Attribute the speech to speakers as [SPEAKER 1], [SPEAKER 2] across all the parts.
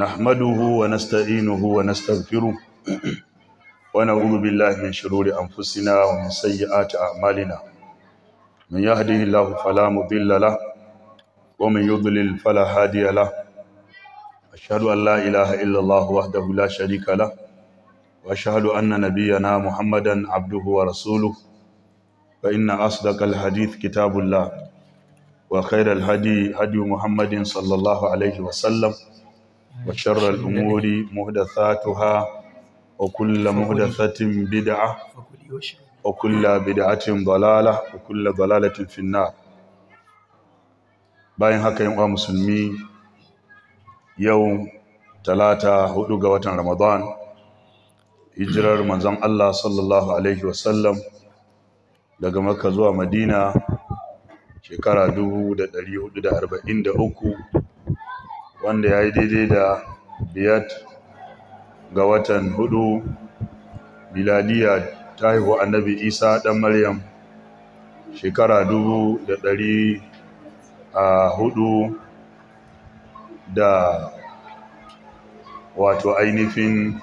[SPEAKER 1] نحمده ونستعينه ونستغفره ونعوذ بالله من شرور أنفسنا ومن سيئات أعمالنا من يهده الله فلا مضل له ومن يضلل فلا هادي له أشهد أن لا إله إلا الله وحده لا شريك له وأشهد أن نبينا محمدا عبده ورسوله فإن أصدق الحديث كتاب الله وخير الهدي هدي محمد صلى الله عليه وسلم وشر الأمور محدثاتها وكل محدثة بدعة وكل بدعة ضلالة وكل ضلالة في النار باين هكا يوم مسلمي يوم ثلاثة هدوغة رمضان hijirar manzon Allah sallallahu Alaihi wasallam daga maka zuwa madina shekara 1443 wanda ya yi daidai da biyar ga watan hudu miladiya ta haihu annabi isa ɗan maryam shekara dubu da ɗari a hudu da wato ainihin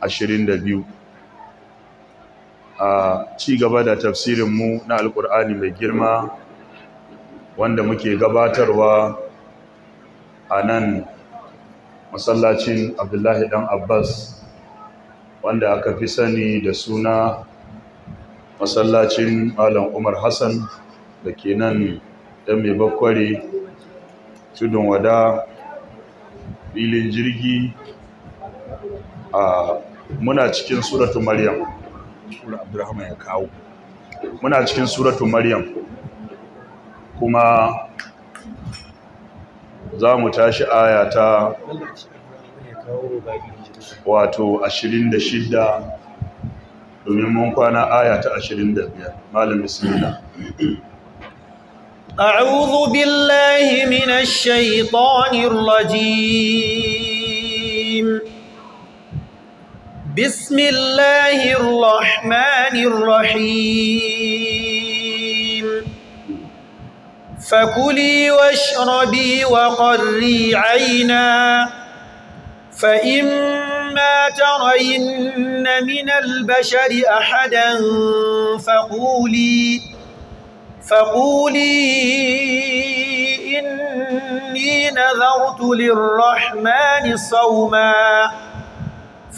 [SPEAKER 1] ashirin da biyu a ci gaba da tafsirinmu na alkur'ani mai girma wanda muke gabatarwa a nan masallacin abdullahi dan abbas wanda aka fi sani da suna masallacin malam umar hassan da ke nan ɗan mai bakwari tudun wada filin jirgi a muna cikin suratu maryam abdullahi ya kawo muna cikin suratu maryam kuma za mu tashi aya ta wato 26 domin mun kwana aya ta 25 malam bismillah
[SPEAKER 2] أعوذ بالله من الشيطان الرجيم بسم الله الرحمن الرحيم فكلي واشربي وقري عينا فإما ترين من البشر أحدا فقولي فقولي إني نذرت للرحمن صوما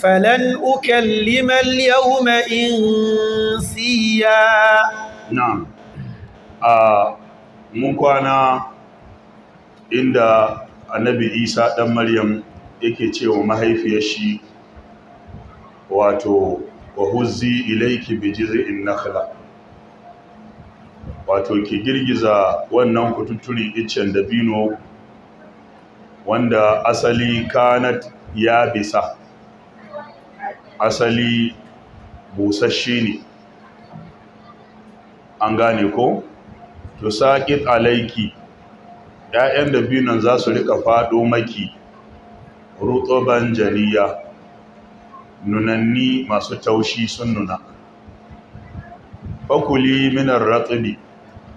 [SPEAKER 2] فلن أكلم اليوم إنسيا
[SPEAKER 1] نعم آه mun kwana inda annabi isa ɗan maryam yake cewa mahaifiyar shi wato wahuzi huzzi ilaiki bi jiz'in nakhla wato ki girgiza wannan kututuri iccen dabino wanda asali kanat ya bisa asali busasshe ne an gane ko to alaiki ‘ya'yan dabinon za su riƙa faɗo maki rutoban janiya nunanni masu taushi sun nuna fakuli minar ratsibi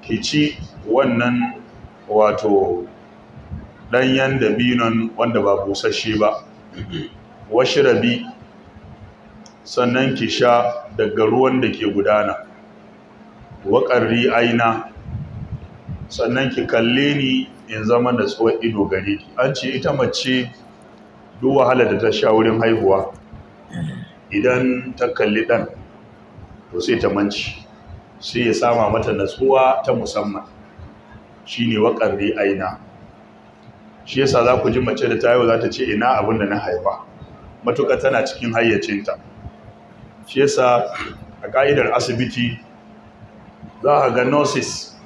[SPEAKER 1] ki ci wannan wato ɗanyen dabinon wanda ba busasshe ba washirabi sannan ki sha daga ruwan da ke gudana waƙarri aina sannan ki kalle ni in zama da tsohon ido gare ki an ce ita mace duk wahala da ta sha wurin haihuwa idan ta kalli ɗan to sai ta manci sai ya sama mata natsuwa ta musamman shi ne waƙar aina shi yasa za ku ji mace da ta yau za ta ce ina abin da na haifa matuƙa tana cikin hayyacinta shi yasa a ƙa'idar asibiti za a ga nurses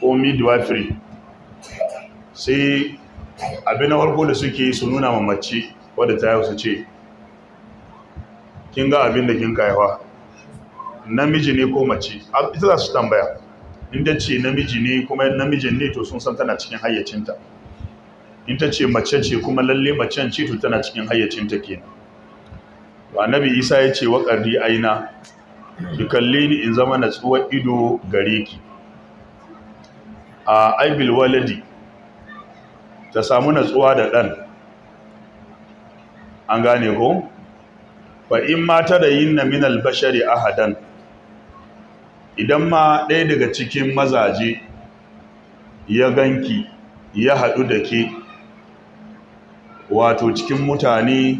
[SPEAKER 1] ko midwifery sai abin na farko da suke su nuna mamaci wadda ta yau su ce kin ga abin da kin kaiwa namiji ne ko mace ita za su tambaya in ta ce namiji ne kuma namijin ne to sun san tana cikin hayyacinta in ta ce mace ce kuma lalle macen ce to tana cikin hayyacinta ke? kenan annabi isa ya ce waƙardi aina ki kalle ni in zama tsuwa ido gare ki a aibil waladi ta samu natsuwa da ɗan an gane ko ba in mata da yin na minal bashari ahadan idan ma ɗaya daga cikin mazaje ya ganki ya haɗu da ke wato cikin mutane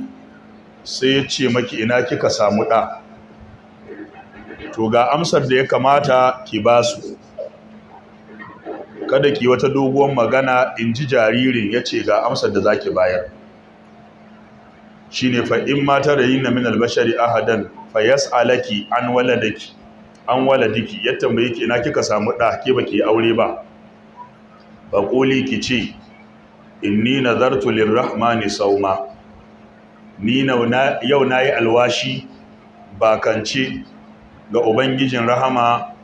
[SPEAKER 1] sai ya ce maki ina kika samu ɗa to ga amsar da ya kamata ki basu kada ki wata doguwar magana in ji jaririn ya ce ga amsar da zaki bayar shine fa in mata da yin min albashari ahadan fa yas'alaki an waladaki an waladiki ya tambaye ki ina kika samu da ke baki aure ba ba quli ki ce inni nazartu lirrahmani sauma ni yau nayi alwashi bakance ga ubangijin rahama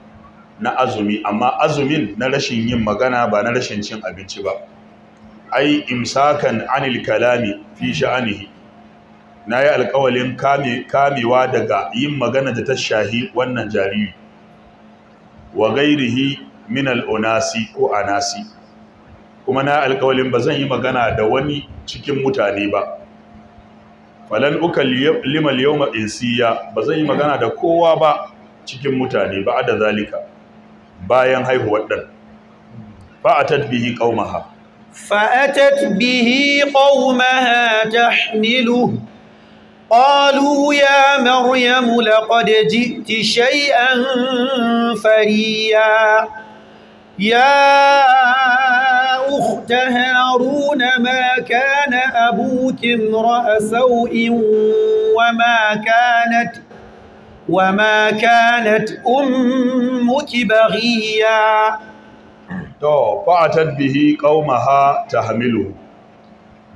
[SPEAKER 1] na azumi amma azumin na rashin yin magana ba na rashin cin abinci ba ai imsakan anil kalami fi sha'anihi na yi alkawalin kamewa daga yin magana da ta shahi wannan jariri wa gairihi min o'nasi, ko anasi kuma na yi alkawalin ba zan yi magana da wani cikin mutane ba falan uka limal yau ma'insiya ba zan yi magana da kowa ba cikin mutane ba a da zalika bayan haihuwar ɗan fa'atat bihi qaumaha
[SPEAKER 2] fa'atat bihi qaumaha tahmiluhu قالوا يا مريم لقد جئت شيئا فريا يا أخت هارون ما كان أبوك امرأ سوء وما كانت
[SPEAKER 1] وما كانت أمك بغيا to fa'atat bihi qaumaha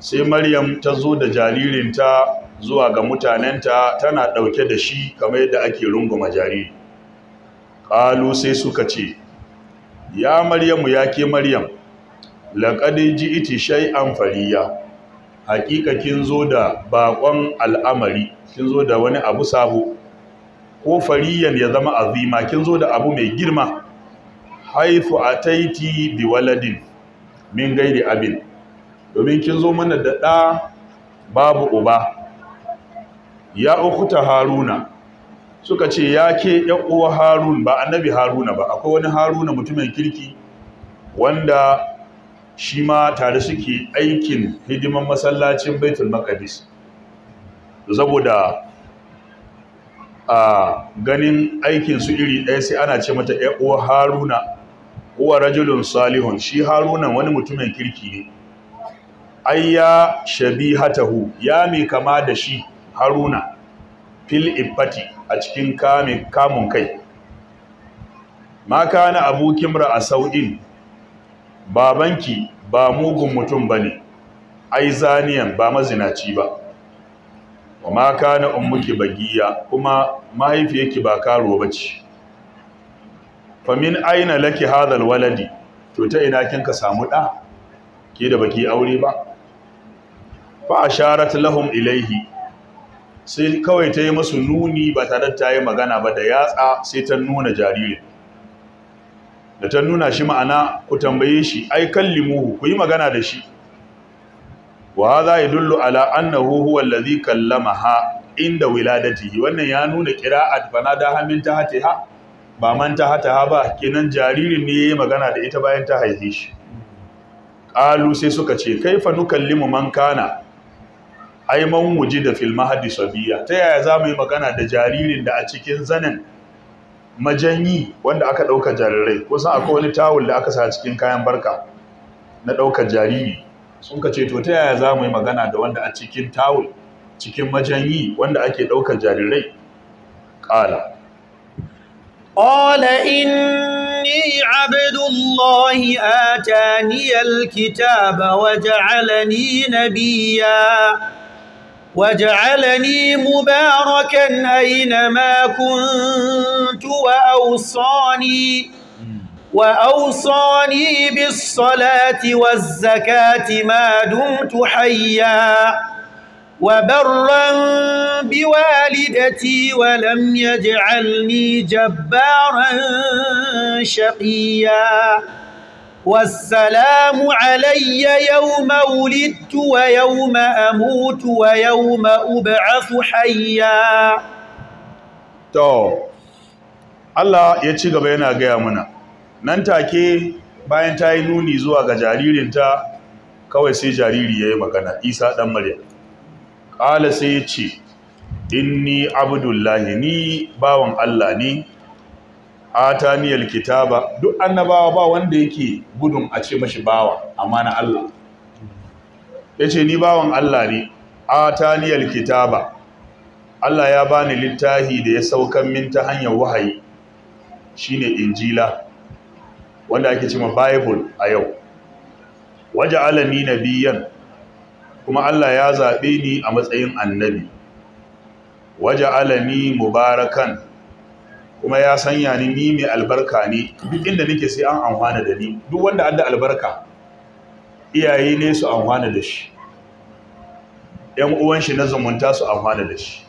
[SPEAKER 1] sai maryam ta zo da jaririnta zuwa ga mutanenta tana ɗauke da shi kamar yadda ake runguma jariri ƙalu sai suka ce ya maryamu ya ke maryam ji iti shai fariya hakika kin zo da baƙon al'amari kin zo da wani abu sabo ko fariyan ya zama azima kin zo da abu mai girma haifu taiti bi waladin min gairi abin domin kin zo mana da ɗa babu uba ya ukuta haruna suka ce ya ke ‘yan uwa harun ba annabi haruna ba akwai wani haruna mutumin kirki wanda shi ma tare suke aikin hidiman masallacin baitul maqdis saboda a ganin aikinsu iri ɗaya sai ana ce mata uwa haruna uwa rajulun salihun shi haruna wani mutumin kirki ne Ai ya shabi hatahu ya mai kama da shi haruna fil ibati a cikin kamun kai ma na abu kimra a sau'in babanki ba mugun mutum ba ne ai zaniyan ba mazinaci ba wa ma kana ummuki bagiya kuma mahaifiyarki ba karo bace fa min aina laki hadha alwaladi to ta ina kinka samu da ke da baki aure ba fa asharat lahum ilaihi sai kawai ta yi musu nuni ba tare ta yi magana ba da yatsa sai ta nuna jariri da ta nuna shi ma'ana ku tambaye shi ai kallimuhu ku yi magana da shi wa hadha yadullu ala annahu huwa allazi kallamaha inda wiladati wannan ya nuna qira'at da hamin ha ba man ta ha-ta-ha ba kenan jaririn ne yayi magana da ita bayan ta haife shi qalu sai suka ce kaifa nukallimu man kana ai man wujida fil mahdi sabiya ta yaya za mu yi magana da jaririn da a cikin zanin majanyi wanda aka dauka jarirai kusan akwai wani tawul da aka sa cikin kayan barka na daukar jariri sun ka ce to ta yaya za mu yi magana da wanda a cikin tawul cikin majanyi wanda ake ɗaukar jarirai ƙala ƙala inni
[SPEAKER 2] abdullahi ataniyal kitaba wa ja'alani nabiyya mubarakan aina أينما كنت وأوصاني وأوصاني بالصلاة والزكاة ما دمت حيا وبرا بوالدتي ولم يجعلني جبارا شقيا والسلام علي يوم ولدت ويوم أموت ويوم أبعث حيا
[SPEAKER 1] تو الله يتشغب هنا قيامنا nan take bayan ta yi nuni zuwa ga jaririnta kawai sai jariri ya yi magana isa dan maryam ƙala sai ya ce inni abdullahi ni bawan allah ne ataniyal kitaba duk annabawa ba wanda yake gudun a ce mashi bawa amma na allah ya ce ni bawan allah ne ataniyal kitaba allah ya bani littahi da ya saukan min ta hanyar wahayi shine injila wanda ake cewa bible a yau waje alami alani nabiyan kuma Allah ya zaɓe ni a matsayin annabi waje alani mubarakan kuma ya sanya ni ni mai albarka ne duk inda nake sai an amfana da ni duk wanda an da albarka iyaye ne su amfana da shi ‘yan uwan shi na zumunta su amfana da shi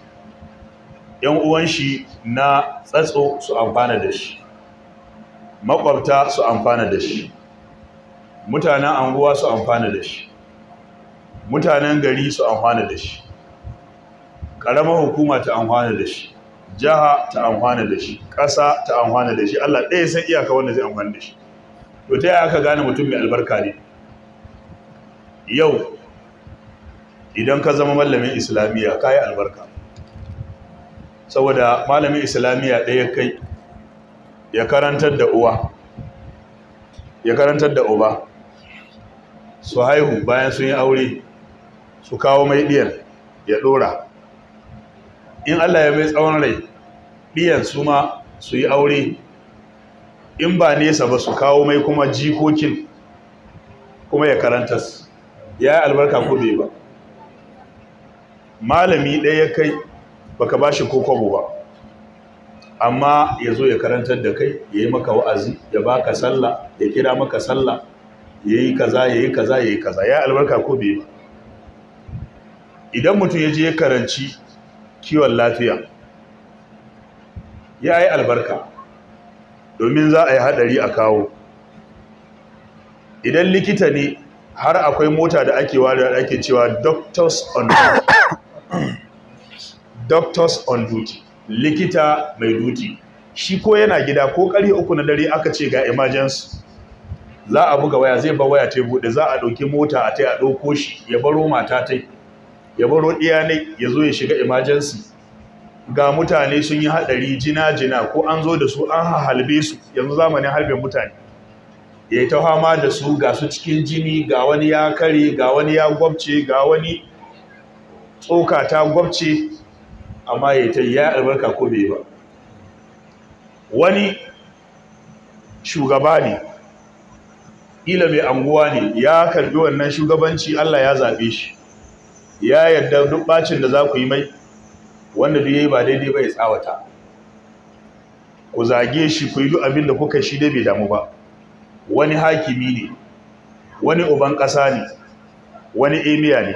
[SPEAKER 1] ‘yan uwan shi na tsatso su amfana da shi makwabta su amfana da shi mutanen anguwa su amfana da shi mutanen gari su amfana da shi ƙaramar hukuma ta amfana da shi jiha ta amfana da shi ƙasa ta amfana da shi Allah ɗaya san iyaka wanda zai amfana da shi to ta yaka gane mutum mai albarka ne yau idan ka zama mallamin islamiyya ka yi albarka saboda malamin islamiyya ɗaya kai ya karantar da uwa ya karantar da uba su haihu bayan sun yi aure su kawo mai ɗiyar ya ɗora in allah ya mai tsawon rai ɗiyan su ma su yi aure in ba nesa ba su kawo mai kuma jikokin kuma ya karantar ya yi albarka ko bai ba malami ɗaya kai baka ba shi ko ba amma ya zo ya karantar da kai ya yi maka wa'azi ya baka sallah ya kira maka sallah ya yi kaza ya yi kaza ya yi kaza ya albarka ko bai ba idan mutum ya je ya karanci kiwon lafiya ya yi albarka domin za a yi hadari a kawo idan likita ne har akwai mota da ake wada da ake cewa doctors on duty likita mai duti shi ko yana gida ko karfe uku na dare aka ce ga emergency za a buga waya zai ba waya ta bude za a ɗauki mota a ta a ɗauko shi ya baro mata ta ya baro ɗiya ne ya zo ya shiga emergency ga mutane sun yi haɗari jina-jina ko an zo da su an halbe su yanzu zamanin halbe mutane ya yi ta fama da su ga su cikin jini ga wani ya kare ga wani ya gwabce ga wani tsoka ta gwabce amma ya ta ya albarka ko bai ba wani shugaba ne ila mai anguwa ne ya karbi wannan shugabanci Allah ya zaɓe shi ya yarda duk bacin da za ku yi mai wanda duk yi ba daidai ba ya tsawata ku zage shi ku yi duk abin da kuka shi dai bai damu ba wani hakimi ne wani uban ƙasa ne wani emiya ne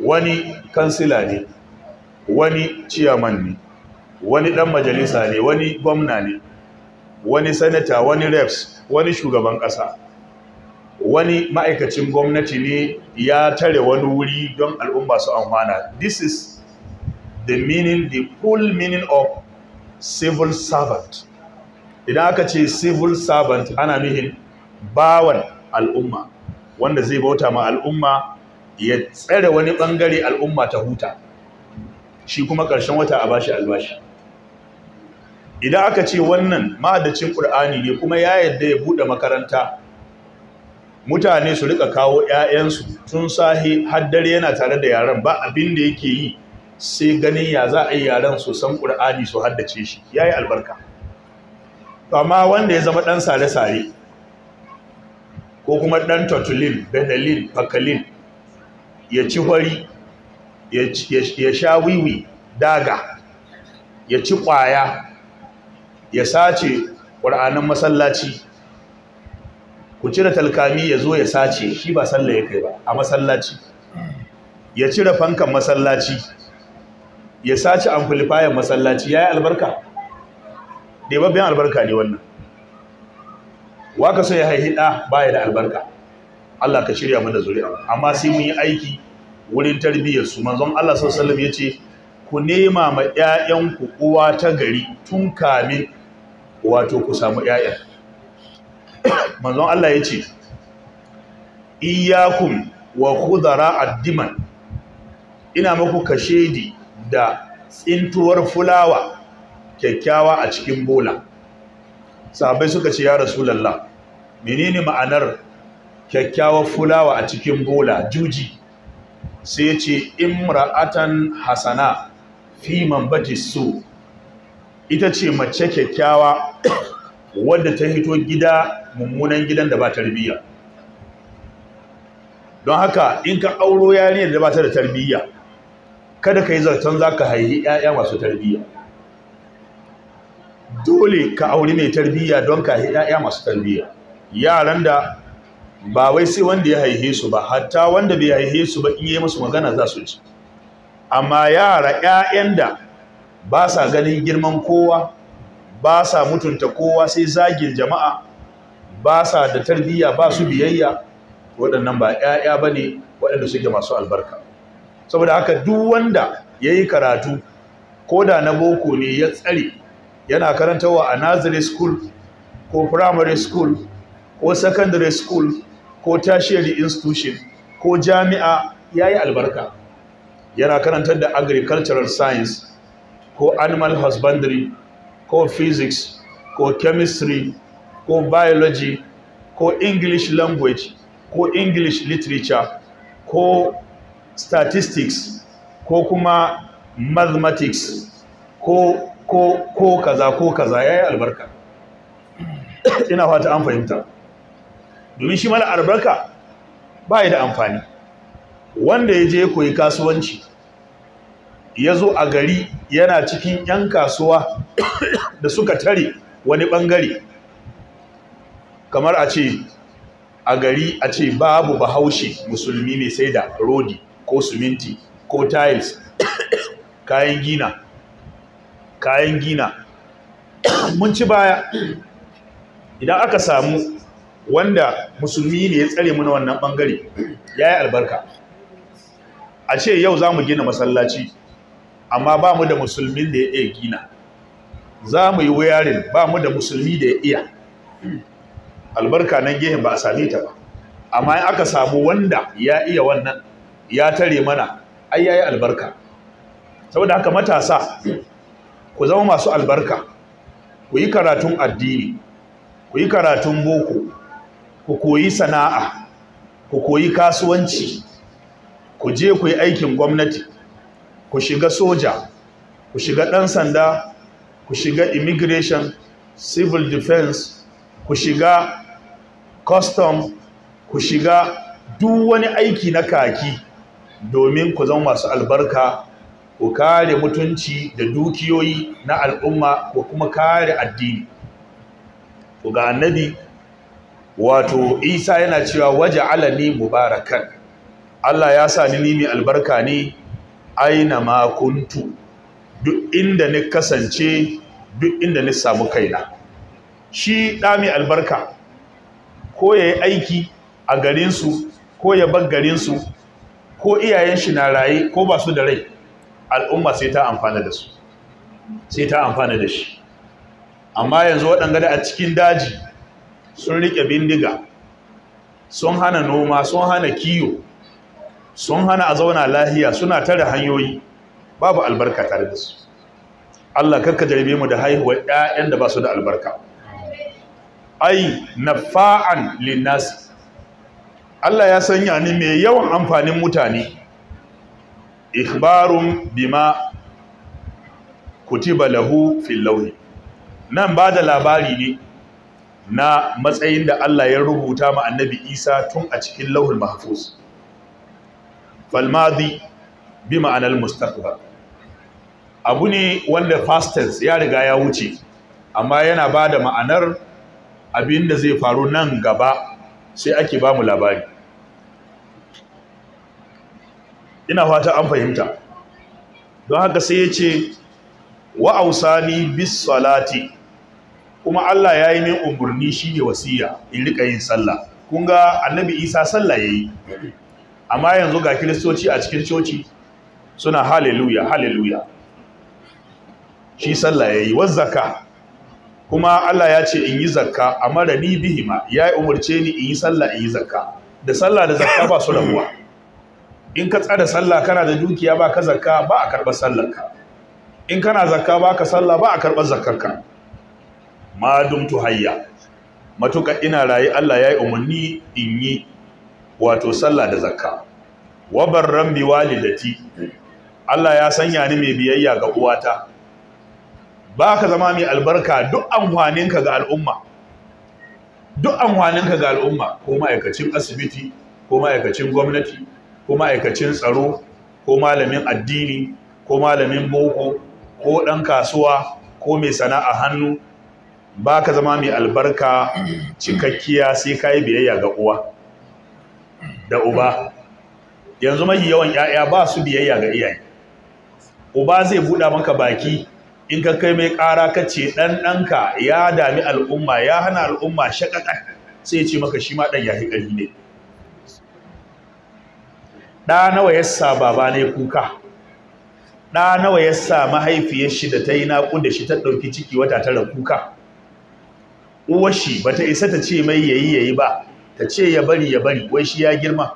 [SPEAKER 1] wani kansila ne wani ciyaman ne wani dan majalisa ne wani gwamna ne wani sanata wani reps wani shugaban ƙasa wani ma'aikacin gwamnati ne ya tare wani wuri don al'umma su amfana this is the meaning the full meaning of civil servant idan aka ce civil servant ana nuhin bawan al'umma wanda zai bauta ma al'umma ya tsare wani bangare al'umma ta huta shi kuma ƙarshen wata a bashi albashi idan aka ce wannan ma'adacin ƙur'ani ne kuma ya yadda ya buɗe makaranta mutane su rika kawo 'ya'yansu tun sahi haddare yana tare da yaren, ba abin da yake yi sai ganin ya za a yi yaren su san ƙur'ani su haddace shi ya yi albarka amma wanda ya zama ɗan sare-sare ko kuma ɗan totulin benelin fakalin ya ci hori. ya sha wiwi daga ya ci kwaya, ya sace ƙur'anin masallaci ku cire talkami ya zo ya sace shi ba sallah ya kai ba a masallaci ya cire fankan masallaci ya sace amplifier masallaci ya yi albarka ɗebabben albarka ne wannan Wa ka so ya haihida ɗa baya da albarka Allah ka shirya mana zuri'a amma sai mun yi aiki wurin tarbiyyarsu, manzon Allah sallallahu alaihi yace ku nema ma ƴaƴan uwa ta gari tun kamin wato ku samu ƴaƴa manzon Allah yace iyyakum wa khudara addiman ina muku kashedi da tsintuwar fulawa kyakkyawa a cikin bola sahabbai suka ce ya rasulullah menene ma'anar kyakkyawar fulawa a cikin bola juji sai ya ce imra'atan hasana fi mambati su ita ce mace kyakkyawa wadda ta hito gida mummunan gidan da ba tarbiyya don haka in ka auro yariyar da ba ta da tarbiyya kada ka yi zarton za ka haihi 'ya'ya masu tarbiyya dole ka auri mai tarbiyya don ka haihi 'ya'ya masu tarbiyya yaran da ba wai sai wanda ya haihe su ba hatta wanda bai haihe su ba in yi musu magana za su ji amma yara 'ya'yan da ba sa ganin girman kowa ba sa mutunta kowa sai zagin jama'a ba sa da tarbiyya ba su biyayya waɗannan ba 'ya'ya ba ne waɗanda suke masu albarka saboda haka duk wanda ya yi karatu ko da na boko ne ya tsare yana karantawa a nursery school ko primary school ko secondary school ko tertiary institution ko jami'a ya yi albarka yana karantar da agricultural science ko animal husbandry ko physics ko chemistry ko biology ko english language ko english literature ko statistics ko kuma mathematics ko ko ko kaza ko kaza yayi albarka ina fata an fahimta domin shi mala albarka ba da amfani wanda ya je koyi kasuwanci ya zo a gari yana cikin 'yan kasuwa da suka tare wani bangare kamar a ce a gari a ce babu bahaushe musulmi ne sai da rodi ko suminti ko tiles kayan gina kayan gina mun ci baya idan aka samu wanda musulmi ne ya tsare mu wannan bangare ya yi albarka a ce yau za mu gina masallaci amma ba mu da musulmin da ya iya gina za mu yi wayarin ba mu da musulmi da ya iya albarka nan gehen ba a same ta ba amma in aka samu wanda ya iya wannan ya tare mana ai ya yi albarka saboda haka matasa ku zama masu albarka ku yi karatun addini ku yi karatun boko ku koyi sana'a ku koyi kasuwanci ku je ku yi aikin gwamnati ku shiga soja ku shiga ɗan sanda ku shiga immigration civil defense ku shiga custom ku shiga duk wani aiki na kaki domin ku zama masu albarka ku kare mutunci da dukiyoyi na al'umma ku kuma kare addini ku ga annabi wato isa yana cewa waje alani mubarakan allah ya sa ni mai albarka ne aina makuntu duk inda ni kasance duk inda ni samu kaina shi ɗa mai albarka ko ya yi aiki a garinsu ko ya bar garinsu ko iyayen shi na raye ko ba su da rai al'umma sai ta amfana da su sai ta amfana da shi amma yanzu waɗanda a cikin daji sun rike bindiga sun hana noma sun hana kiyo sun hana a zauna lahiya suna tare hanyoyi babu albarka tare da su Allah karka jarabe mu da haihuwar ƴaƴan da ba su da albarka ai nafa'an linnas Allah ya sanya ni mai yawan amfanin mutane ikhbarun bima kutiba lahu fil lawhi nan ba da labari ne na matsayin da Allah ya rubuta ma annabi Isa tun a cikin lauhul mahfuz fal madi bi ma'anar mustaqbal abu ne wanda fastens ya riga ya wuce amma yana ba da ma'anar abin da zai faru nan gaba sai ake ba mu labari ina fata an fahimta don haka sai ya ce wa'ausani bis salati kuma Allah ya yi min umarni shi ne wasiya in rika yin sallah kun ga annabi isa sallah ya yi amma yanzu ga kiristoci a cikin coci suna hallelujah hallelujah shi sallah ya yi wazzaka kuma Allah ya ce in yi zakka amma da ni bihima ya yi umarce ni in yi sallah in yi zakka da sallah da zakka ba su rabuwa in ka tsada sallah kana da dukiya ba ka zakka ba a karɓar sallarka in kana zakka ba ka sallah ba a karɓar zakkarka Madum dumtu hayya matuƙa ina raye Allah ya yi umarni in yi wato sallah da zakka wa barran bi walidati Allah ya sanya ni mai biyayya ga uwata ba ka zama mai albarka duk amfaninka ga al'umma duk amfaninka ga al'umma ko ma'aikacin asibiti ko ma'aikacin gwamnati ko ma'aikacin tsaro ko malamin addini ko malamin boko ko ɗan kasuwa ko mai sana'a hannu ba ka zama mai albarka cikakkiya sai ka yi biyayya ga uwa da uba yanzu mai yawan 'ya'ya ba su biyayya ga iyaye uba zai buɗa maka baki in ka kai mai ƙara ka ce ɗanɗanka ya dami al'umma ya hana al'umma shaƙaƙa sai ya ce maka shi ma ɗan yahi ƙari ne ɗa nawa ya sa baba ne kuka ɗa nawa ya sa mahaifiyar shi da ta yi naƙuda shi ta ɗauki ciki wata tara kuka uwashi ta isa ta ce mai yayi yayi ba ta ce ya bari ya bari wai shi ya girma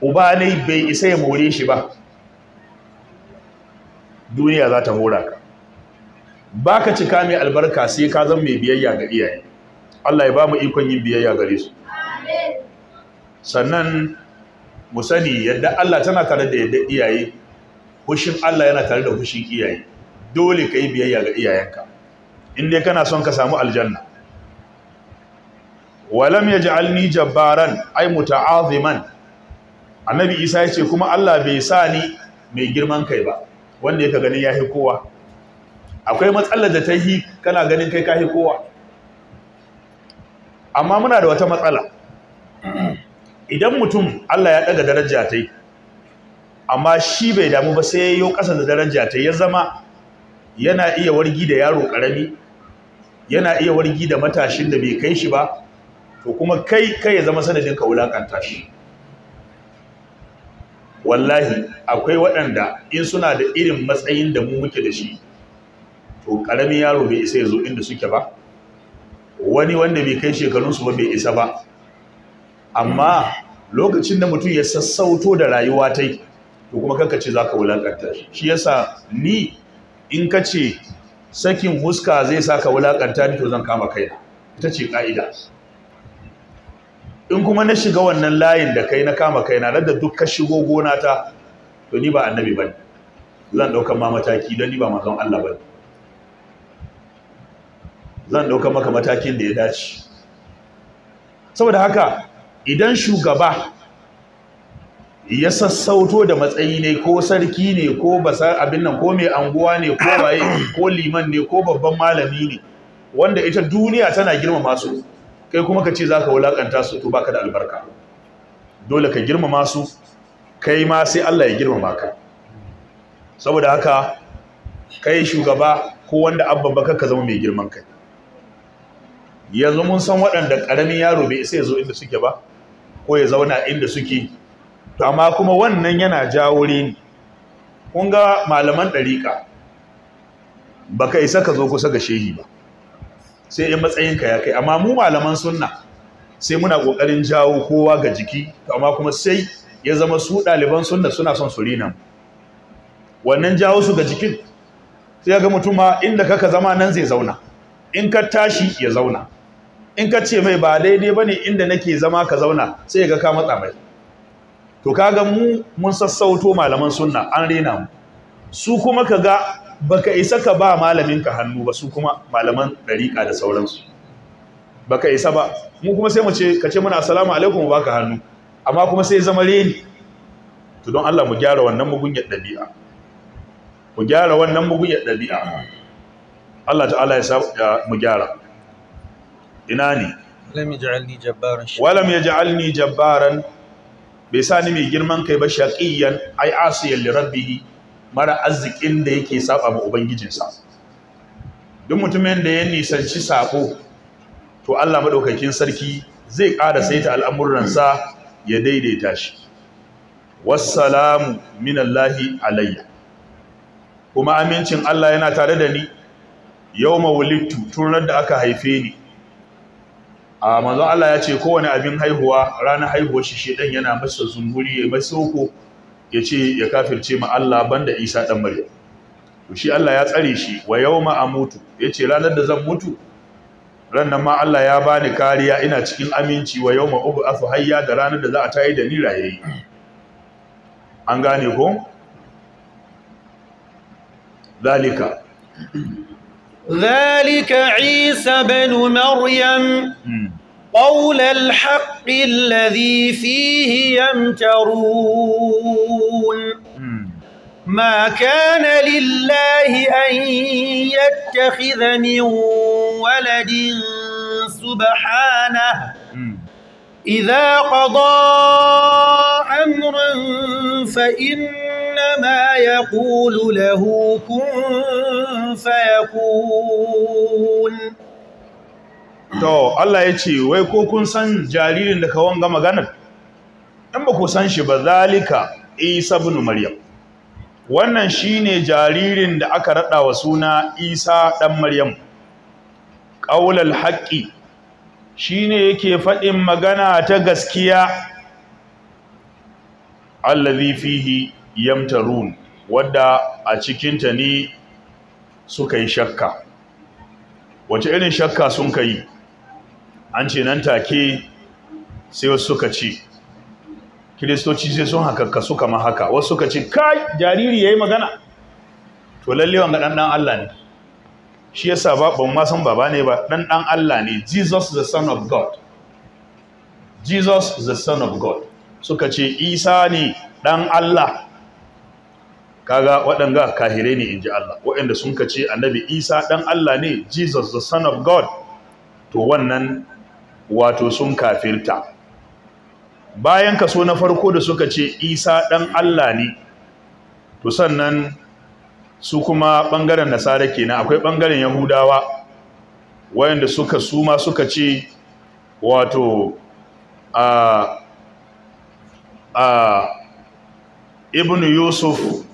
[SPEAKER 1] uba ne bai isa ya more shi ba duniya za ta hora ka ba ka cika mai albarka sai ka zama mai biyayya ga iyaye Allah ya ba mu ikon yin biyayya gare su sannan mu sani yadda Allah tana tare da yadda iyaye hushin Allah yana tare da hushin iyaye dole ka yi biyayya ga iyayenka in dai kana son ka samu aljanna walam ya ji al'ni jabbaran ay muta'aziman annabi isa ya ce kuma Allah bai sa ni mai girman kai ba wanda ya ka ganin ya kowa akwai matsalar da ta yi kana ganin kai ka kowa amma muna da wata matsala idan mutum Allah ya daga daraja tai amma shi bai damu ba sai ya yi ƙasa da daraja ta ya zama yana iya wargi da yaro karami yana iya wargi da matashin da bai kai shi ba to kuma kai kai ya zama sanadin ka wulakanta shi wallahi akwai waɗanda in suna da irin matsayin da mu muke da shi to ƙaramin yaro bai isa ya zo inda suke ba wani wanda bai kai shekarun su ba bai isa ba amma lokacin da mutum ya sassauto da rayuwa ta to kuma kanka ce zaka wulakanta shi shi yasa ni in ka ce sakin huska zai sa ka wulakanta ni to zan kama kai ita ce ƙa'ida. in kuma na shiga wannan layin da kai na kama kai na da duk ka shigo gona ta to ni ba annabi ne. zan ɗaukan ma mataki don ni ba mazan Allah ne. zan ɗaukan maka matakin da ya dace saboda haka idan shugaba ya sassauto da matsayi ne ko sarki ne ko basa abin nan ko mai anguwa ne ko baye ko liman ne ko babban malami ne wanda ita duniya tana girmama su kai kuma ka ce za ka wulaƙanta su to baka da albarka dole ka girmama su kai ma sai Allah ya girmama ka saboda haka kai shugaba ko wanda abban baka ka zama mai girman kai yanzu mun san waɗanda ƙaramin yaro bai isa ya zo inda suke ba ko ya zauna inda suke to amma kuma wannan yana jawo reni kun ga malaman ɗariƙa ba ka isa ka zo kusa ga shehi ba sai in matsayinka ya kai amma mu malaman sunna sai muna ƙoƙarin jawo kowa ga jiki to amma kuma sai ya zama su ɗaliban sunna suna son su rina wannan jawo su ga jikin sai ga mutum ma inda kaka zama nan zai zauna in ka tashi ya zauna in ka ce mai ba daidai ba ne inda nake zama ka zauna sai ga ka matsa mai to kaga mu mun sassauto malaman sunna an rena mu su kuma kaga baka isa ka ba malamin ka hannu ba su kuma malaman dariƙa da sauransu baka isa ba mu kuma sai mu ce ka ce muna assalamu alaikum baka hannu amma kuma sai zama reni to don Allah mu gyara wannan mugunyar ɗabi'a mu gyara wannan mugunyar ɗabi'a Allah ta'ala ya sa mu gyara ina ne
[SPEAKER 2] lam yaj'alni jabbaran
[SPEAKER 1] walam yaj'alni jabbaran bai sa ni mai girman kai ba shaƙiyyan ai asiyan li rabbi mara arzikin da yake saba ma ubangijinsa duk mutumin da ya nisanci sako to Allah madaukakin sarki zai ƙara saita al'amuransa ya daidaita shi wassalamu minallahi alayya kuma amincin Allah yana tare da ni yau mawulittu tunar da aka haife ni a manzon Allah ya ce kowane abin haihuwa ranar haihuwar shi dan yana masa zumburi ya masa soko ya ce ya kafirce ma Allah banda Isa dan Maryam to shi Allah ya tsare shi wa yawma amutu yace ranar da zan mutu rannan ma Allah ya bani kariya ina cikin aminci wa yawma asu hayya da ranar da za a tayi da ni rayayi an gane ko zalika
[SPEAKER 2] ذلك عيسى بن مريم قول الحق الذي فيه يمترون ما كان لله أن يتخذ من ولد سبحانه إذا قضى أمرا فإن ya يقول له
[SPEAKER 1] كن
[SPEAKER 2] فيكون
[SPEAKER 1] to Allah ya ce wai ko kun san jaririn da ka wanga maganar in ba ku san shi ba zalika Isa bin Maryam wannan shine jaririn da aka raɗa wa suna Isa ɗan Maryam qaulal haƙƙi shine yake faɗin magana ta gaskiya allazi fihi yamtarun wadda a cikinta ne suka yi shakka wace irin shakka sun ka yi an ce nan take sai wasu suka ce kiristoci sai sun hakakka suka ma haka wasu suka ce kai jariri ya yi magana to lallewan ga ɗanɗan Allah ne shi yasa ba ban ma san baba ne ba ɗanɗan Allah ne Jesus the son of God Jesus the son of God suka ce Isa ne ɗan Allah kaga waɗanga kahirai ne ji Allah waɗanda sun ka ce annabi Isa ɗan Allah ne Jesus the son of God to wannan wato sun kafirta bayan kaso na farko da suka ce Isa ɗan Allah ne to sannan su kuma ɓangaren nasara kenan akwai ɓangaren yahudawa waɗanda suka suma suka ce wato a uh, ah, ibn yusuf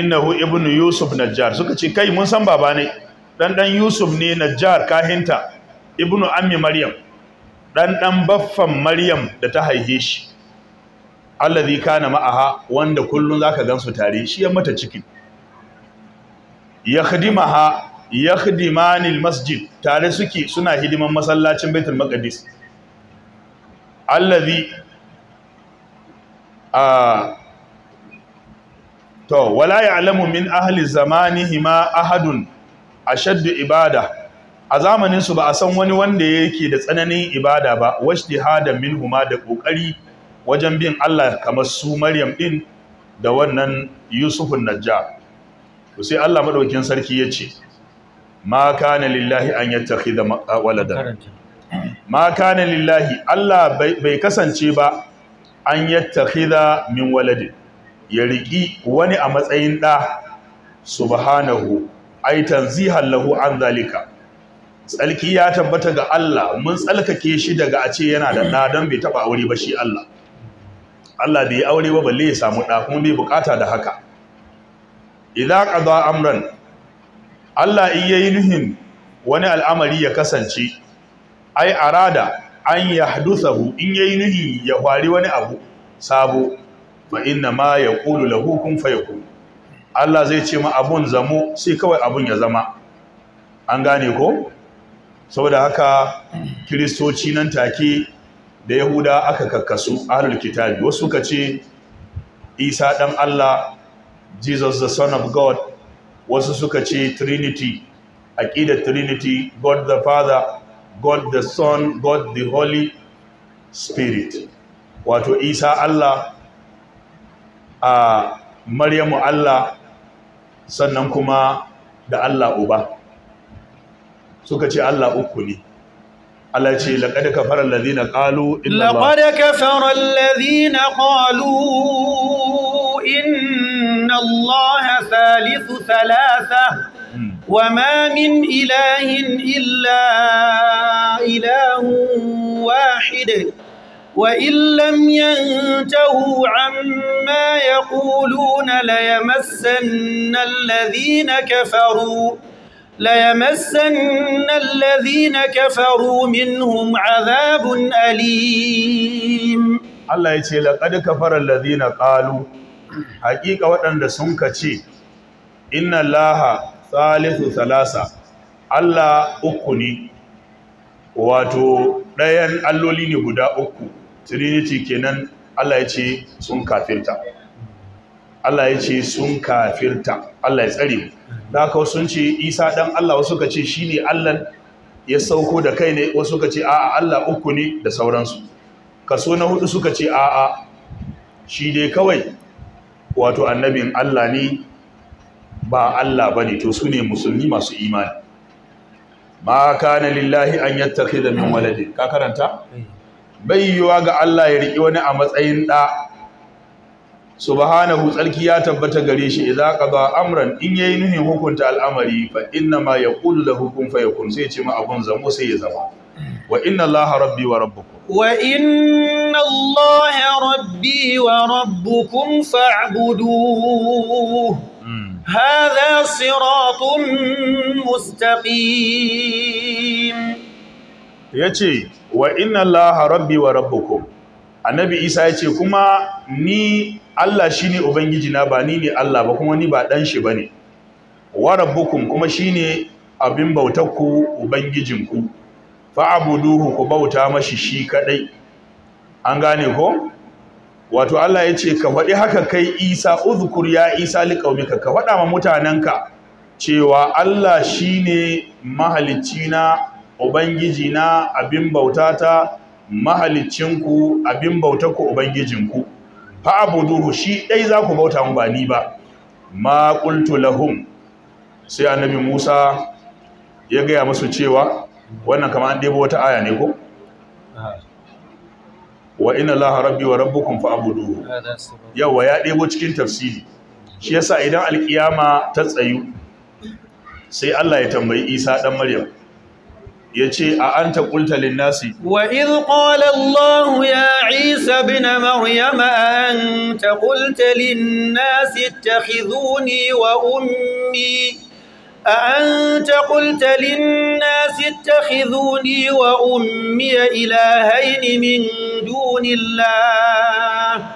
[SPEAKER 1] innahu ibnu yusuf najjar suka ce kai mun san baba ne dan dan yusuf ne najjar kahinta ibnu ammi maryam dan dan baffan maryam da ta haife shi allazi kana ma'aha wanda kullun zaka gansu tare shi ya mata ciki yakhdimaha yakhdimani almasjid tare suke suna hidiman masallacin baitul maqdis allazi to wala ya'lamu min ahli zamanihima ahadun ashaddu ibada a zamanin su ba a san wani wanda yake da tsananin ibada ba min minhuma da kokari wajen bin Allah kamar su Maryam din da wannan Yusufun Najjar to sai Allah madaukakin sarki ya ce ma kana lillahi an yattakhidha walada ma kana lillahi Allah bai kasance ba an yattakhidha min waladin ya riki wani a matsayin ɗa subhanahu ai tanzihan lahu an zalika tsalki ya tabbata ga Allah mun tsalkake shi daga a ce yana da ɗa don bai taɓa aure ba shi Allah Allah bai aure ba balle ya samu ɗa kuma bai bukata da haka idan qada amran Allah in yayi nuhin wani al'amari ya kasance ai arada an sabu in yayi nuhi ya fari wani abu sabo fa inna ma hukun fa ya fayakun Allah zai ce ma abun zamo sai kawai abun ya zama an gane ko saboda haka kiristoci nan take da yahuda aka kakkasu ahlul kitabi wasu suka ce isa dan Allah Jesus the son of God wasu suka ce trinity aqidar trinity God the father God the son God the holy spirit wato isa Allah a maryamu Allah sannan kuma da Allah uba suka ce Allah uku ne Allah ce laqad kafara alladhina ƙalu inna Allah laqad
[SPEAKER 2] kafara alladhina ƙalu, inna Allah Salasa, wa ma min ilahin illa ilahun wahidai وإن لم ينتهوا عما يقولون ليمسن الذين
[SPEAKER 1] كفروا
[SPEAKER 2] ليمسن الذين كفروا منهم
[SPEAKER 1] عذاب أليم الله يتي لقد كفر الذين قالوا حقيقة وأن سنكتي إن الله ثالث ثلاثة الله أكني wato ɗayan alloli ne guda uku trinity kenan Allah ya ce sun kafirta Allah ya ce sun kafirta Allah ya tsare da haka sun ce Isa dan Allah wasu ka ce shine Allah ya sauko da kai ne wasu ka ce a'a Allah uku ne da sauransu kaso na hudu suka ce a'a shi dai kawai wato annabin Allah ne ba Allah bane to su ne musulmi masu imani ma kana lillahi an yattakhidha min waladi ka karanta eh. bai yiwa ga Allah ya riƙi wani a matsayin ɗa subhanahu tsarki ya tabbata gare shi idza qada amran in yayi nuhin hukunta al'amari fa inna ma yaqulu lahu kun fayakun sai ce ma abun zamo sai ya zama wa inna allaha rabbi wa rabbukum wa inna allaha rabbi wa
[SPEAKER 2] rabbukum fa'buduhu hmm. hadha siratun mustaqim
[SPEAKER 1] ya ce wa inna Allah rabbi wa rabbukum annabi isa ya ce kuma ni Allah shi ne ubangiji na ba ni ne Allah ba kuma ni ba ɗan shi ba ne wa rabbukum kuma shi ne abin bautakku ubangijinku fa'abuduhu ku bauta mashi shi kaɗai an gane ko wato Allah ya ce ka faɗi haka kai isa uzkur ya isa liƙaumika ka faɗa ma mutanenka cewa Allah shi ne mahalicci na ubangiji na abin bauta bautata mahalicinku abin bautarku ubangijinku fa'abuduhu shi dai za ku bauta mu ba ni ba ma qultu lahum sai annabi Musa ya gaya musu cewa wannan kama an ɗebo wata aya ne ko wa ina laha rabbi wa rabbukum fa'buduhu yawa ya ɗebo cikin tafsiri shi yasa idan alkiyama ta tsayu sai Allah ya tambayi Isa ɗan Maryam يجي أأنت قلت للناس وإذ قال الله يا عيسى بن مريم أنت
[SPEAKER 2] قلت للناس اتخذوني وأمي أأنت قلت للناس اتخذوني وأمي إلهين من دون الله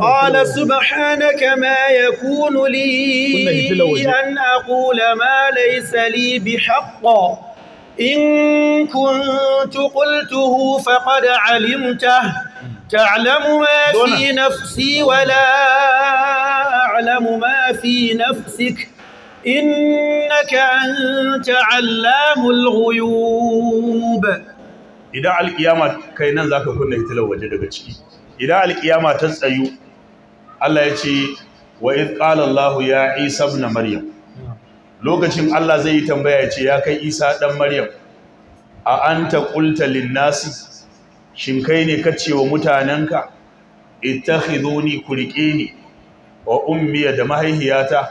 [SPEAKER 2] قال سبحانك ما يكون لي أن أقول ما ليس لي بحق إن كنت قلته فقد علمته تعلم ما في نفسي ولا أعلم ما في نفسك إنك أنت علام الغيوب
[SPEAKER 1] إذا على القيامة كينا ذاك كنا يتلو يتلوج دقتي إذا على القيامة تسأيو الله يجي وإذ قال الله يا عيسى ابن مريم lokacin Allah zai yi tambaya ce ya kai Isa ɗan Maryam a an ta ƙulta linnasi shin kai ne kace wa mutanenka ittakhiduni ni wa ummiya da mahaihiyata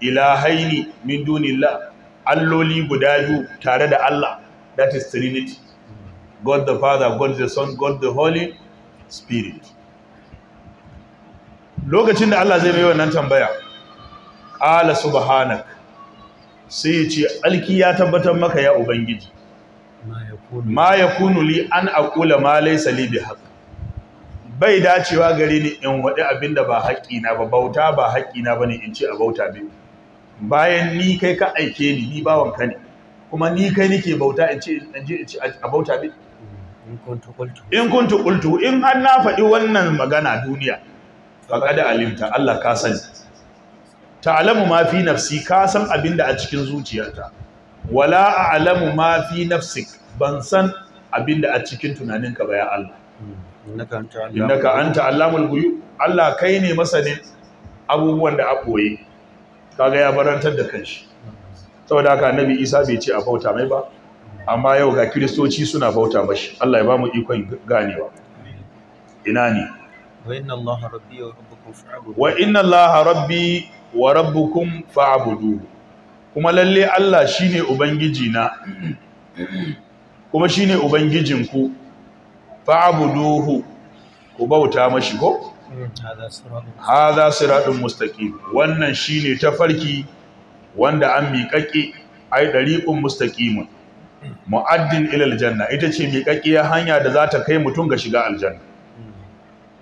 [SPEAKER 1] ilahaini min dunillah alloli guda biyu tare da Allah that is trinity God the Father God the Son God the Holy Spirit lokacin da Allah zai mai wannan tambaya ala subhanak sai ya ce alki ya tabbatar maka ya ubangiji ma ya kunu li an akula ma laisa Salibi haka bai dacewa gare ni in abin abinda ba haƙi na ba bauta ba haƙi na ba ne in ce a bauta biyu. bayan ni kai ka aike ni ni bawan ka ne kuma ni kai ke bauta in ce in ce a bauta biyu? in kuntu qultu in har na faɗi wannan magana duniya da alimta Allah ka sani ta'lamu ma fi nafsi ka san abin da a cikin zuciyarta wala a'lamu ma fi nafsik ban san abin da a cikin tunaninka ba ya Allah innaka anta allamul ghuyub Allah kai ne masanin abubuwan da akoye kaga ya barantar da kanshi saboda haka annabi Isa bai ce a bauta mai ba amma yau ga kiristoci suna bauta mashi Allah ya ba mu ikon ganewa ina ne
[SPEAKER 2] wa inna allaha rabbi
[SPEAKER 1] wa rabbukum fa'budu wa inna allaha rabbi wa rabbukum fa'budu kuma lalle Allah shine ubangiji na kuma shine ubangijin ku fa'buduhu ku bauta mashi ko hadha siratun mustaqim wannan shine farki wanda an miƙaƙe ai dariqun mustaqimun mu'addin ila aljanna ita ce miƙaƙe hanya da za ta kai mutum ga shiga aljanna hmm.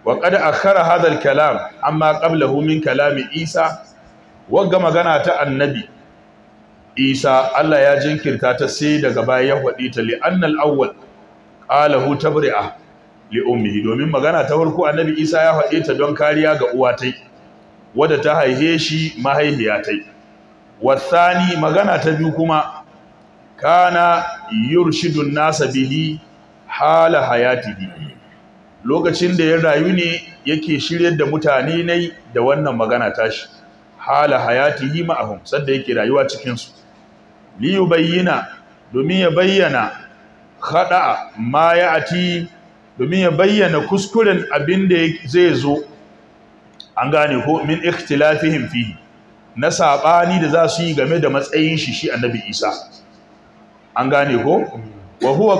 [SPEAKER 1] wa qad akhara hadha alkalam amma qablahu min kalami isa wagga magana ta annabi isa allah ya jinkirta ta sai daga baya ya faɗi ta li'annal awwal hu tabri'a li ummihi domin magana ta farko annabi isa ya faɗi ta don kariya ga uwa tai wadda ta haihe shi mahaifiya tai wasani magana ta biyu kuma kana yurshidun nasa bihi hala hayatihi lokacin da ya rayu ne yake shiryar da mutane nai da wannan magana tashi hala hayati hayatihi ma'ahum sadda yake rayuwa cikin su li yubayyana domin ya bayyana khada ma ya'ti domin ya bayyana kuskuren abin da zai zo an gane ko min ikhtilafihim fihi na sabani da za su yi game da matsayin shi shi annabi Isa an gane ko wa huwa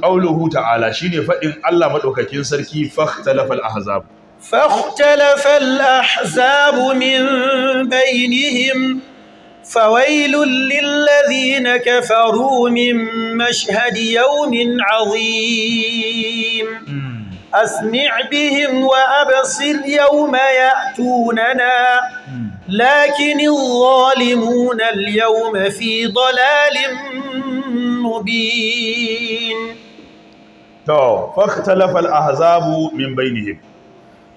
[SPEAKER 1] qawluhu ta'ala shine fadin Allah madaukakin sarki fakhtalafal ahzab فاختلف
[SPEAKER 2] الأحزاب من بينهم فويل للذين كفروا من مشهد يوم عظيم أسمع بهم وأبصر يوم يأتوننا لكن الظالمون
[SPEAKER 1] اليوم في
[SPEAKER 2] ضلال مبين
[SPEAKER 1] فاختلف الأحزاب من بينهم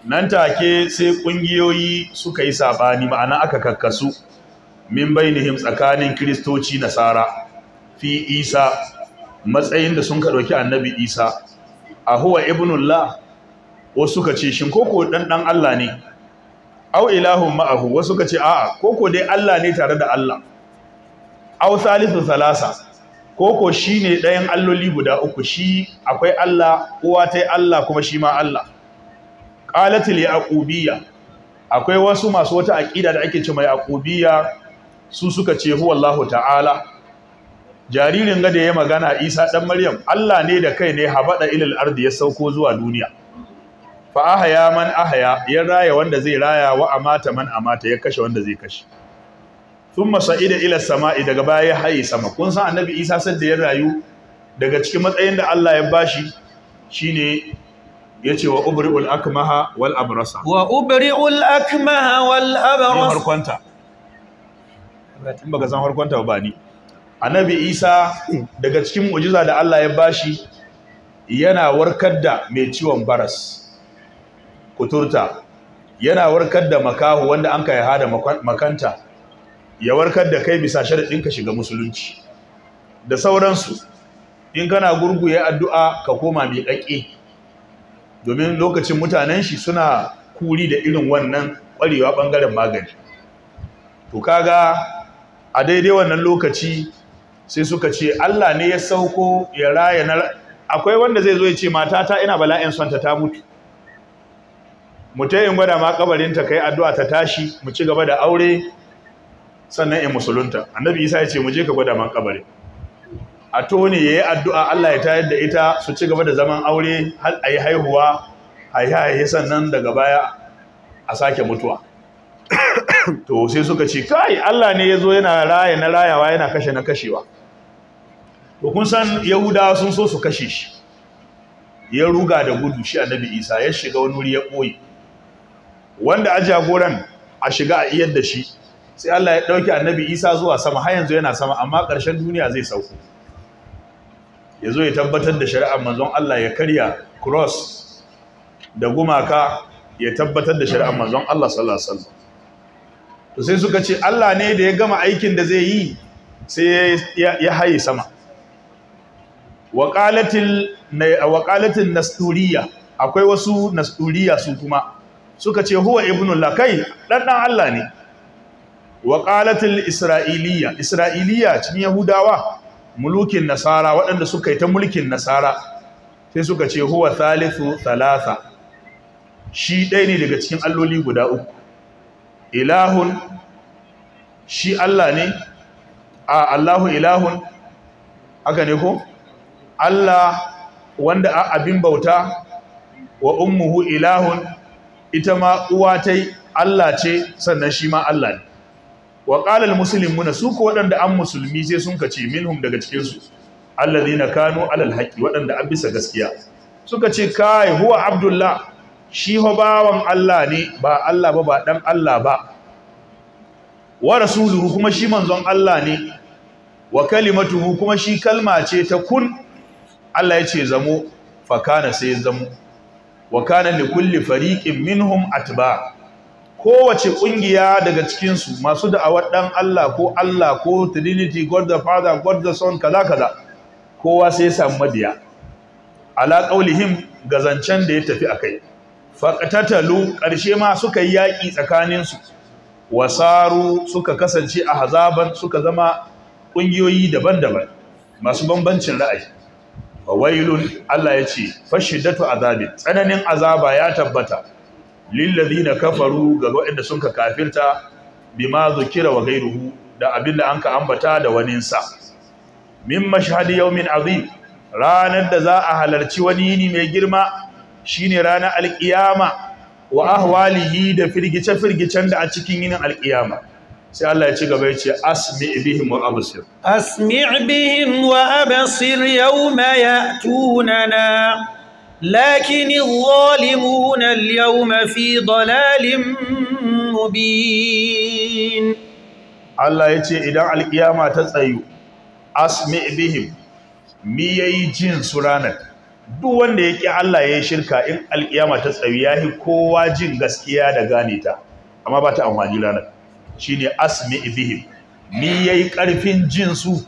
[SPEAKER 1] nan take sai kungiyoyi suka yi sabani ma'ana aka kakkasu min bainihim tsakanin kristoci nasara fi isa matsayin da sun ka ɗauki annabi isa a huwa ibnullah wasu suka ce shin koko dan dan Allah ne Au ilahun ma'ahu wasu suka ce a'a koko dai Allah ne tare da Allah Au salisu salasa koko shi ne ɗayan alloli guda uku shi akwai Allah uwa yi Allah kuma shi ma Allah qalatil yaqubiyya akwai wasu masu wata aqida da ake ce mai yaqubiyya su suka ce huwallahu ta'ala jaririn ga da ya magana Isa dan Maryam Allah ne da kai ne habada ilal ardi ya sauko zuwa duniya fa ahya man ahya ya raya wanda zai raya wa amata man amata ya kashe wanda zai kashe thumma sa'ida ila sama'i daga baya ya haye sama kun san annabi Isa sai da ya rayu daga cikin matsayin da Allah ya bashi shine ya ce wa ubri'ul akmaha wal abrasa wa ubri'ul akmaha wal abrasa ni harkonta in ga san harkonta ba ni annabi isa daga cikin mu'jiza da Allah ya bashi yana warkar da mai ciwon baras kuturta yana warkar da makahu wanda an ka hada makanta ya warkar da kai bisa sharadin ka shiga musulunci da sauransu in kana gurguye addu'a ka koma miƙaƙe domin lokacin mutanen shi suna kuri da irin wannan kwarewa ɓangaren magani to kaga a daidai wannan lokaci sai suka ce Allah ne ya sauko ya raya na akwai wanda zai zo ya ce matata ina bala'in sonta ta mutu mu ta gwada ma kabarin ta kai addu'a ta tashi mu ci gaba da aure sannan in musulunta annabi isa ya ce mu je ka gwada man kabarin a tuni ya yi addu'a Allah ya tayar da ita su ci gaba da zaman aure har a yi haihuwa a yi sannan daga baya a sake mutuwa to sai suka ce kai Allah ne ya zo yana raya na rayawa yana kashe na kashewa to kun san yahudawa sun so su kashe shi ya ruga da gudu shi annabi isa ya shiga wani wuri ya ɓoye wanda a jagoran a shiga a iyar da shi sai Allah ya ɗauki annabi isa zuwa sama har yanzu yana sama amma ƙarshen duniya zai sauko ya zo ya tabbatar da shari'ar manzon Allah ya karya cross da gumaka ya tabbatar da shari'ar manzon Allah sallallahu alaihi wasallam sai suka ce Allah ne da ya gama aikin da zai yi sai ya haye sama waqalatil waqalatin nasturiya akwai wasu nasturiya su kuma suka ce huwa ibnu lakai dan dan Allah ne waqalatil isra'iliya isra'iliya cikin yahudawa mulukin nasara waɗanda suka yi ta mulkin nasara sai suka ce huwa thalithu thalatha shi ɗaya ne daga cikin alloli guda uku ilahun shi Allah ne a Allahu ilahun haka ne ko Allah wanda a abin bauta wa ummuhu ilahun ita ma uwa tai Allah ce sannan shi ma Allah ne wa qala al muna su ko waɗanda an musulmi sai sun ce minhum daga cikin su na kano alal haƙi waɗanda an bisa gaskiya suka ce kai huwa abdullah shi ho bawan Allah ne ba Allah ba ba dan Allah ba wa rasuluhu kuma shi manzon Allah ne wa kalimatuhu kuma shi kalma ce ta kun Allah ya ce zamo fa fakana sai zamo wa kana li kulli fariqin minhum atba kowace ƙungiya daga cikinsu masu da'awar ɗan Allah ko Allah ko Trinity God the Father God the Son kaza kaza kowa sai ya samu mabiya ala qaulihim gazancen da ya tafi akai faqatatalu ƙarshe ma suka yi yaƙi tsakaninsu wasaru suka kasance a hazaban suka zama ƙungiyoyi daban-daban masu bambancin ra'ayi wailun Allah ya ce fashiddatu azabi tsananin azaba ya tabbata lillazina kafaru ga waɗanda sun ka kafirta bima zukira wa gairuhu da abin da an ka ambata da waninsa min mashhadi yawmin azim ranar da za a halarci wani yini mai girma shine ranar alkiyama wa ahwalihi da firgice firgicen da a cikin yinin alkiyama sai Allah ya ci gaba ya ce asmi bihim wa absir asmi bihim wa absir yawma
[SPEAKER 2] لكن الظالمون اليوم في ضلال
[SPEAKER 1] مبين الله يتي إذا القيامة تتأيو أسمع بهم ميي جن سرانا duk wanda yake Allah ya shirka in alkiyama ta tsayu yi kowa jin gaskiya da gane ta amma ba ta amfani ranar shine asmi ibihim, ni yayi ƙarfin jin su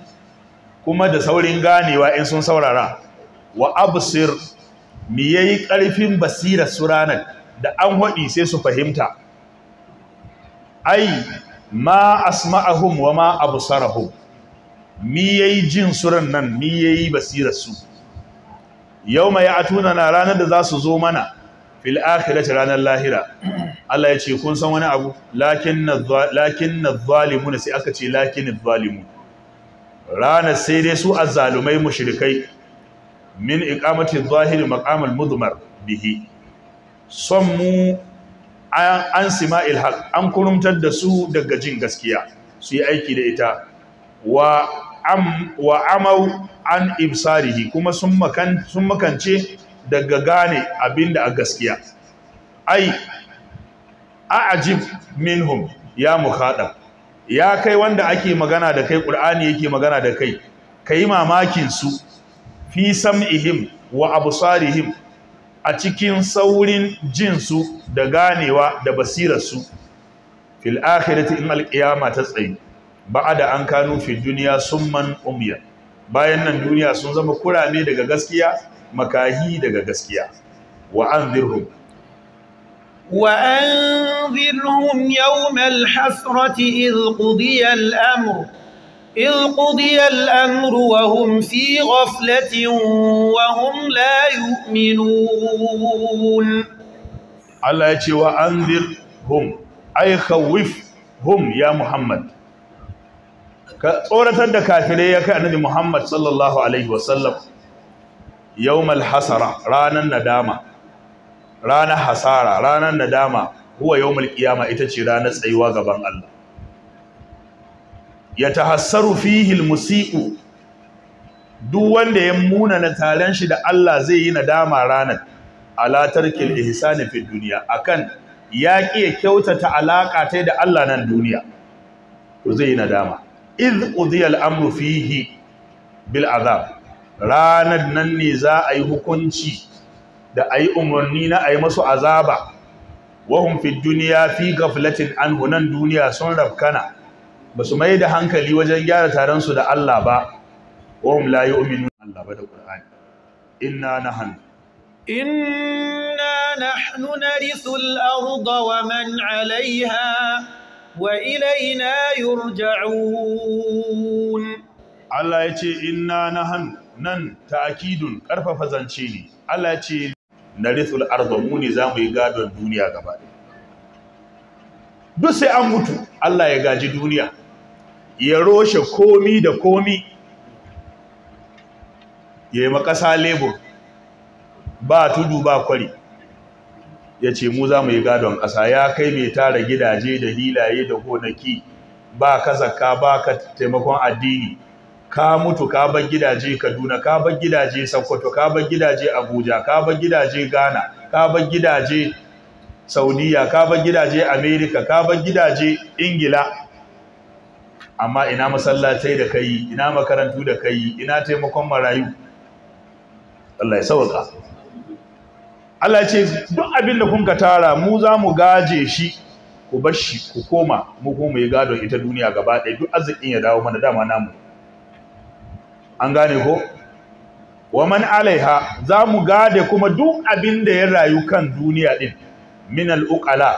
[SPEAKER 1] kuma da saurin ganewa in sun saurara wa absir me yayi ƙarfin basirar su ranar da an haɗi sai su fahimta ai ma asma'ahum wa ma absarahum mi yayi jin suran nan mi yayi basirar su mai atuna na ranar da za su zo mana fil akhirati ranar lahira Allah ya ce kun san wani abu lakin na sai aka ce lakin zalimun ranar sai dai su azzalumai mushrikai min ikamati zahiri maqam muzumar bihi son mu an sima ilhaq an kurumtar da su daga jin gaskiya su yi aiki da ita wa amau an ibsarihi kuma sun makance daga gane abinda a gaskiya ai a'ajib minhum ya mukhadab ya kai wanda ake magana da kai ƙul'ani yake magana da kai yi mamakin su fi ihim wa absarihim a cikin saurin jinsu da ganewa da basirarsu fil akhirati in alqiyama ta tsayi ba'ada an kanu fi duniya summan umya bayan nan duniya sun zama kurame daga gaskiya makahi daga gaskiya wa anzirhum
[SPEAKER 2] وأنذرهم يوم الحسرة إذ قضي إذ قضي الأمر وهم في غفلة وهم لا يؤمنون hum,
[SPEAKER 1] ai وأنذرهم hum ya Muhammad. Ka tsoratar da kafirai ya kai annabi Muhammad sallallahu alaihi wasallam yawmal hasara ranar nadama ranar hasara ranar nadama huwa yawmal qiyama ita ce ranar tsayuwa gaban Allah ya tahassaru fihi musiku. duk wanda ya muna na taron shi da Allah zai yi nadama ranar ala tarkil fi duniya akan ya kyautata alaƙa ta da Allah nan duniya zai yi nadama iz qudiya amru fihi bil azab ranar nan ne za a yi hukunci da a yi umarni na a yi masu azaba wahum fi duniya fi gaflatin anhu nan duniya sun rafkana ba su mai da hankali wajen gyara taronsu da Allah ba, ohun layi omi Allah ba da ƙulani. Inna na hannu.
[SPEAKER 2] Inna na hannu na risul arzawa wa
[SPEAKER 1] man alaiha wa ilaina yurja'un. Allah ya ce, Inna na hannu nan ta akidun ƙarfafa zance ne. Allah ya ce, Na risul arzawa ne za mu yi gadon duniya gaba. Duk sai an mutu, Allah ya gaji duniya. ya roshe komi da komi ya yi makasa lebur ba tudu ba kwari ya ce mu za mu yi gadon ƙasa ya kai mai tara gidaje da hilaye da gonaki ba ka zaka ba ka taimakon addini ka mutu ka bar gidaje kaduna ka bar gidaje sokoto ka bar gidaje abuja ka bar gidaje ghana ka bar gidaje saudiya ka bar gidaje america ka bar gidaje ingila amma ina masallatai da kai ina makarantu da kai ina taimakon marayu Allah ya sauka Allah ya ce duk abin da kun ka tara mu za mu gaje shi ku bar shi ku koma mu kuma yi gadon ita duniya gaba ɗaya duk arzikin ya dawo mana dama namu an gane ko wa man alaiha za mu gade kuma duk abin da ya rayu kan duniya din min al'uqala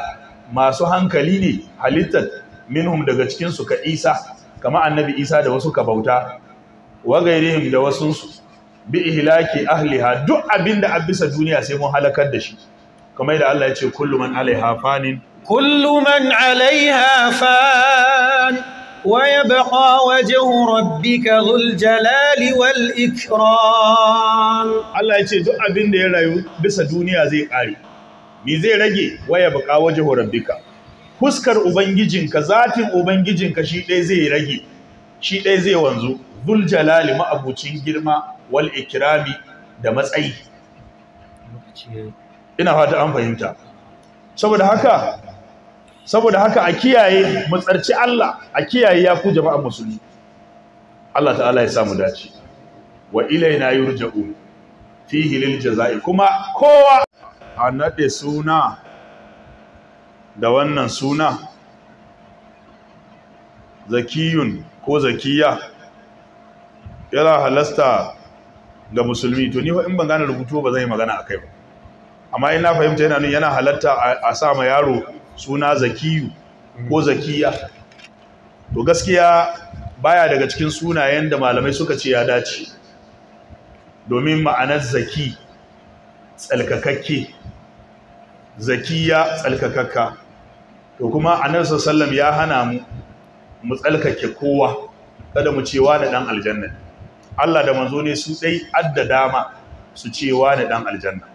[SPEAKER 1] masu hankali ne halittar minhum daga cikin su ka Isa kama annabi Isa da wasu ka bauta wa gairihim da wasun su bi ihlaki ahliha duk abinda a bisa duniya sai mun halakar da shi kamar yadda Allah ya ce kullu man alaiha fanin kullu man alaiha fan
[SPEAKER 2] rabbika
[SPEAKER 1] dhul jalali wal ikram Allah ya ce duk abin da ya rayu bisa duniya zai kare me zai rage waya yabqa wajhu rabbika fuskar ubangijinka zatin ubangijinka shi ɗaya zai rage shi ɗaya zai wanzu zul jalali ma'abucin girma wal ikrami da matsayi ina fata an fahimta saboda haka saboda haka a kiyaye matsarci Allah a kiyaye ya ku jama'an musulmi Allah ta'ala ya samu dace wa ilaina yurja'u fihi lil jazai kuma kowa a suna da wannan suna zakiyun ko zakiya yana halasta ga musulmi to ni in ban gane rubutu ba zan yi magana akai ba amma ina fahimta yana nuna yana halatta a sa ma yaro suna zakiyu ko zakiya to gaskiya baya daga cikin sunayen da malamai suka ce ya dace domin ma'anar zaki tsalkakakke zakiya tsalkakakka to kuma annabi sallam ya hana mu mu tsalkake kowa kada mu cewa da dan aljanna Allah da manzo ne su dai adda dama su cewa da dan aljanna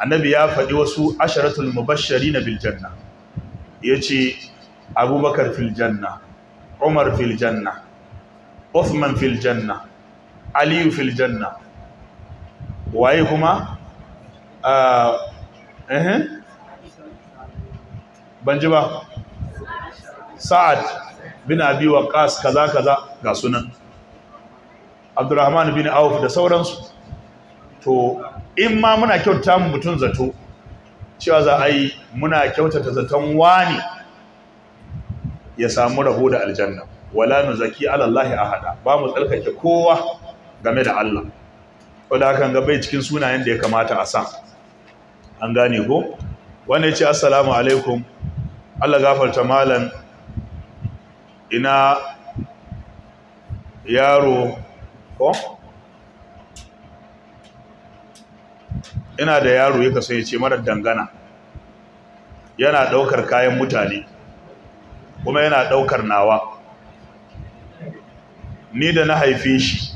[SPEAKER 1] annabi ya faɗi wasu asharatul mubashshirin bil janna yace abubakar fil janna umar fil janna uthman fil janna ali fil janna waye kuma ah, eh, eh? ban ji ba sa'ad bin abi waqas kaza kaza ga sunan abdurrahman bin auf da sauransu to in ma muna kyauta mu mutun zato cewa za a yi muna kyautata zaton wani ya samu rabo da aljanna wala nuzaki ala allahi ahada ba mu tsarkake kowa game da Allah wanda hakan ga bai cikin sunayen da ya kamata a sa an gane ko wanda ya ce assalamu alaikum Allah gafarta malam ina yaro ko ina da yaro ya ce marar dangana yana daukar kayan mutane kuma yana daukar nawa ni da na haife shi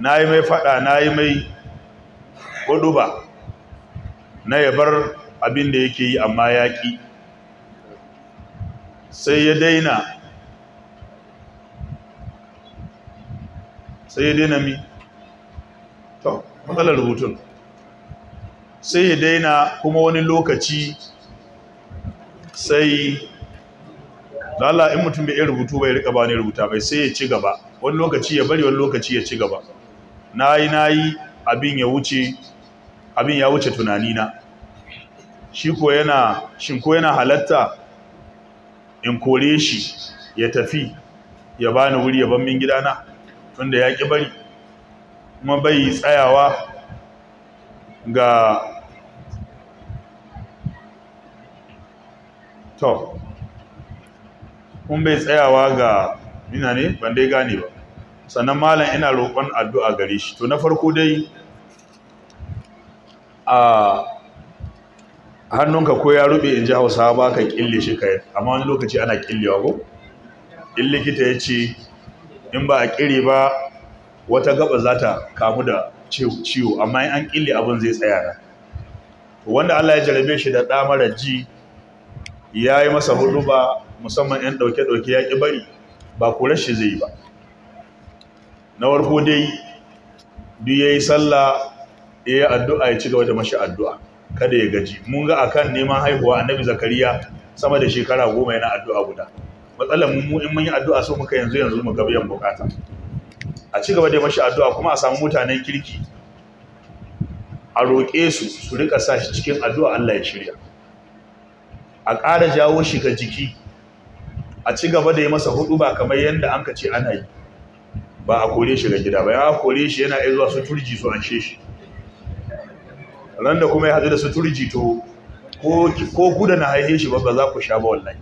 [SPEAKER 1] na yi mai fada na yi mai kuduba na yabar abin da yake yi amma yaƙi sai ya daina sai ya daina mi to matsalar rubutun sai ya daina kuma wani lokaci sai lala in mutum bai rubutu bai rika ba ne rubuta bai sai ya ci gaba wani lokaci ya bari wani lokaci ya ci gaba na yi na yi abin ya wuce abin ya wuce tunanina shi ko yana shin ko yana halatta in kore shi ya tafi ya bani wuri ya ban min gidana tunda ya ki bari kuma bai tsayawa ga to kun bai tsayawa ga ina ne ban dai gane ba sannan malam ina roƙon addu'a gare shi to na farko dai a hannunka ko ya rube in ji hausa ba ka kille shi ka amma wani lokaci ana killewa ko in likita ya ce in ba a kire ba wata gaba za ta kamu da ciwo amma in an kille abin zai tsaya na wanda Allah ya jarabe shi da ɗamara ji ya yi masa hudu ba musamman 'yan ɗauke-ɗauke ya ƙi bari ba kurar shi zai yi ba na warko dai duk ya yi sallah ya yi addu'a ya ci gaba da mashi addu'a kada ya gaji mun ga akan neman haihuwa annabi zakariya sama da shekara goma yana addu'a guda matsalar mu in mun yi addu'a so muka yanzu yanzu mu ga biyan bukata a ci gaba da mashi addu'a kuma a samu mutanen kirki a roƙe su su rika sa shi cikin addu'a Allah ya shirya a ƙara jawo shi ga jiki a ci gaba da yi masa hudu ba kamar yadda an ka ce ana yi ba a kore shi ga gida ba ya kore shi yana iya zuwa su turji su anshe shi ran kuma ya hadu da suturji to ko guda na haihe shi babba za ku sha ba wallahi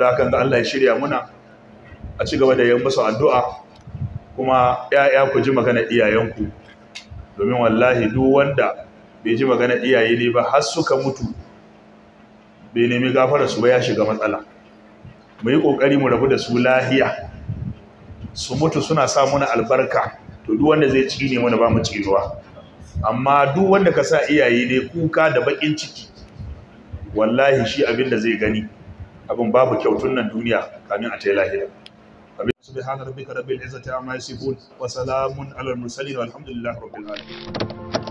[SPEAKER 1] da hakan da Allah ya shirya muna a ci gaba da yin basu addu'a kuma ‘ya'ya ku ji magana iyayenku domin wallahi duk wanda bai ji magana iyaye ne ba har suka mutu bai nemi gafara su ba ya shiga matsala mu yi ƙoƙari mu rabu da su lahiya su mutu suna sa muna albarka to duk wanda zai ci ne mana ba mu ruwa. amma duk wanda ka sa iyaye ne kuka da bakin ciki wallahi shi abin da zai gani abin babu kyautun nan duniya kamin a ta yi lahira abin subhana rabbi rabbil izzati amma yasifun wa salamun alal mursalin alhamdulillah rabbi alamin